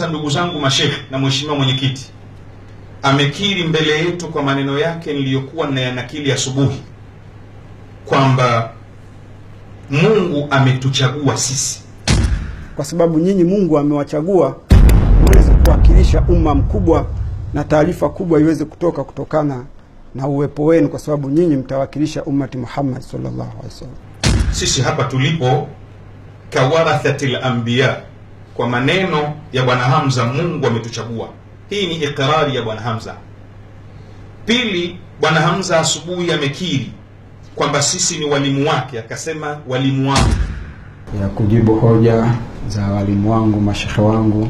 amezungumza ndugu zangu mashekhe na mheshimiwa mwenyekiti amekiri mbele yetu kwa maneno yake niliyokuwa nayanakili asubuhi kwamba Mungu ametuchagua sisi, kwa sababu nyinyi Mungu amewachagua uweze kuwakilisha umma mkubwa na taarifa kubwa iweze kutoka kutokana na uwepo wenu, kwa sababu nyinyi mtawakilisha ummati Muhammad sallallahu alaihi wasallam. Sisi hapa tulipo kawarathatil anbiya kwa maneno ya Bwana Hamza, Mungu ametuchagua. Hii ni ikrari ya Bwana Hamza. Pili, Bwana Hamza asubuhi amekiri kwamba sisi ni walimu wake, akasema walimu wangu, ya kujibu hoja za walimu wangu, mashekhe wangu.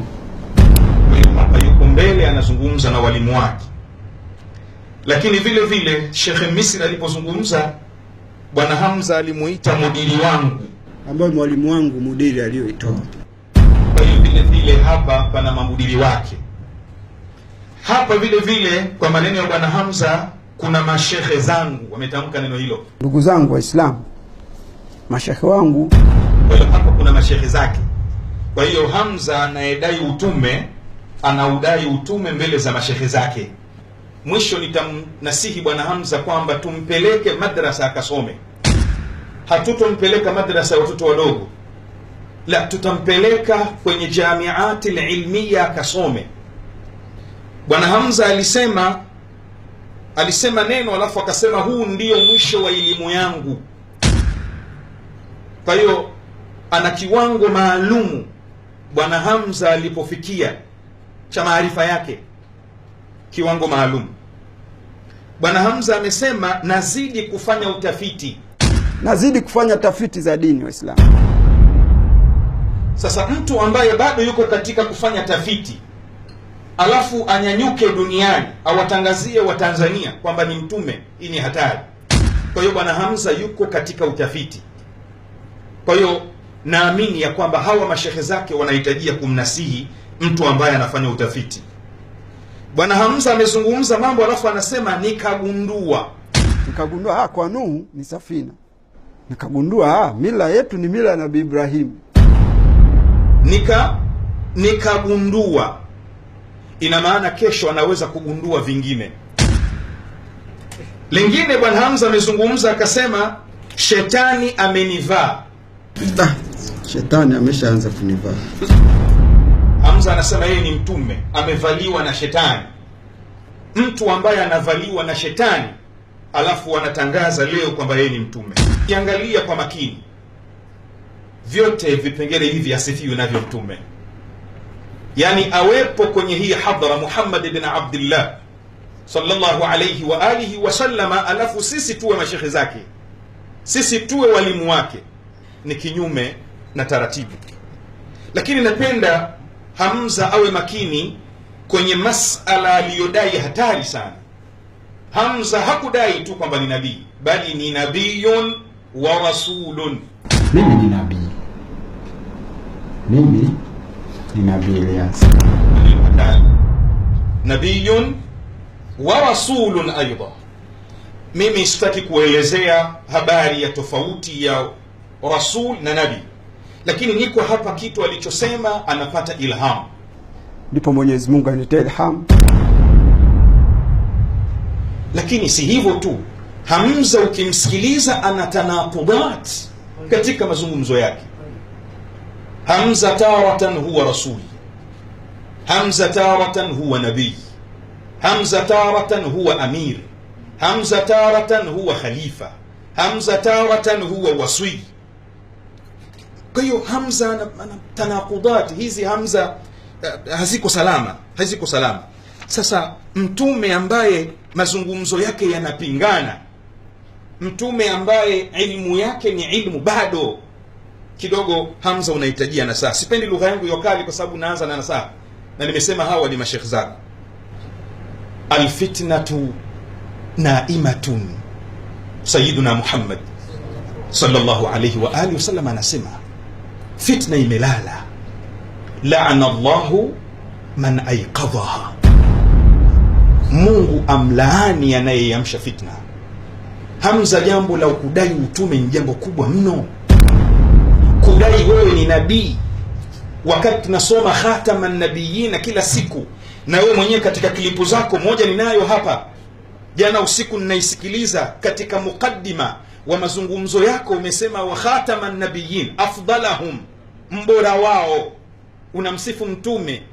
Yuko mbele anazungumza na walimu wake, lakini vile vile Shekhe Misri alipozungumza, Bwana Hamza alimuita mudiri wangu, ambayo mwalimu wangu mudiri aliyoitoa vile vile hapa pana mamudili wake hapa vile vile, kwa maneno ya bwana Hamza, kuna mashehe zangu wametamka neno hilo. Ndugu zangu Waislamu, mashehe wangu. Kwa hiyo hapa kuna mashehe zake. Kwa hiyo Hamza anayedai utume anaudai utume mbele za mashehe zake. Mwisho nitamnasihi bwana Hamza kwamba tumpeleke madrasa akasome, hatutompeleka madrasa ya watoto wadogo la tutampeleka kwenye jamiati lilmiya akasome. Bwana Hamza alisema alisema neno alafu akasema huu ndio mwisho wa elimu yangu. Kwa hiyo ana kiwango maalumu Bwana Hamza alipofikia cha maarifa yake, kiwango maalum. Bwana Hamza amesema nazidi kufanya utafiti, nazidi kufanya tafiti za dini Waislamu. Sasa mtu ambaye bado yuko katika kufanya tafiti alafu anyanyuke duniani awatangazie Watanzania kwamba ni mtume, hii ni hatari. Kwa hiyo bwana Hamza yuko katika utafiti. Kwa hiyo naamini ya kwamba hawa mashehe zake wanahitajia kumnasihi mtu ambaye anafanya utafiti. Bwana Hamza amezungumza mambo alafu anasema nikagundua, nikagundua ah, kwa Nuhu ni safina, nikagundua ah, mila yetu ni mila ya Nabii Ibrahimu nika nikagundua, ina maana kesho anaweza kugundua vingine lingine. Bwana Hamza amezungumza akasema, shetani amenivaa. Ah, shetani ameshaanza kunivaa. Hamza anasema yeye ni mtume, amevaliwa na shetani. Mtu ambaye anavaliwa na shetani alafu wanatangaza leo kwamba yeye ni mtume, kiangalia kwa makini vyote vipengele hivi asifiwe navyo Mtume, yani awepo kwenye hii hadhara Muhammad bin Abdillah sallallahu alayhi wa alihi alafu sisi tuwe mashehe zake, sisi tuwe walimu wake, ni kinyume na taratibu. Lakini napenda Hamza awe makini kwenye masala aliyodai hatari sana. Hamza hakudai tu kwamba ni nabii, bali ni nabiyun wa rasulun. Mimi ni nabii mimi ni Nabii Elias. nabiyun wa rasulun aidha. Mimi sitaki kuelezea habari ya tofauti ya rasul na nabi lakini niko hapa, kitu alichosema anapata ilhamu, ndipo Mwenyezi Mungu aniletea ilhamu. Lakini si hivyo tu, Hamza ukimsikiliza ana tanaqudhat katika mazungumzo yake. Hamza taratan huwa rasuli, Hamza taratan huwa nabii, Hamza taratan huwa amir, Hamza taratan huwa khalifa, Hamza taratan huwa wasii. Kwa hiyo Hamza ana tanakudat hizi, Hamza eh, haziko salama, haziko salama. Sasa mtume ambaye mazungumzo yake yanapingana, mtume ambaye ilmu yake ni ilmu bado kidogo hamza unahitajia nasaha. Sipendi lugha yangu hiyo kali, kwa sababu naanza na nasaha, na nimesema hawa ni mashekh zangu. Alfitnatu naimatun, Sayyiduna Muhammad sallallahu alayhi wa alihi wasallam anasema fitna imelala, laana llahu man aiqadhaha, Mungu amlaani anayeyamsha fitna. Hamza, jambo la ukudai utume ni jambo kubwa mno kudai wewe ni nabii, wakati tunasoma khatama nabiyina kila siku, na wewe mwenyewe katika klipu zako, moja ninayo hapa, jana usiku ninaisikiliza, katika mukaddima wa mazungumzo yako umesema wa khatama nabiyin afdalahum, mbora wao, unamsifu mtume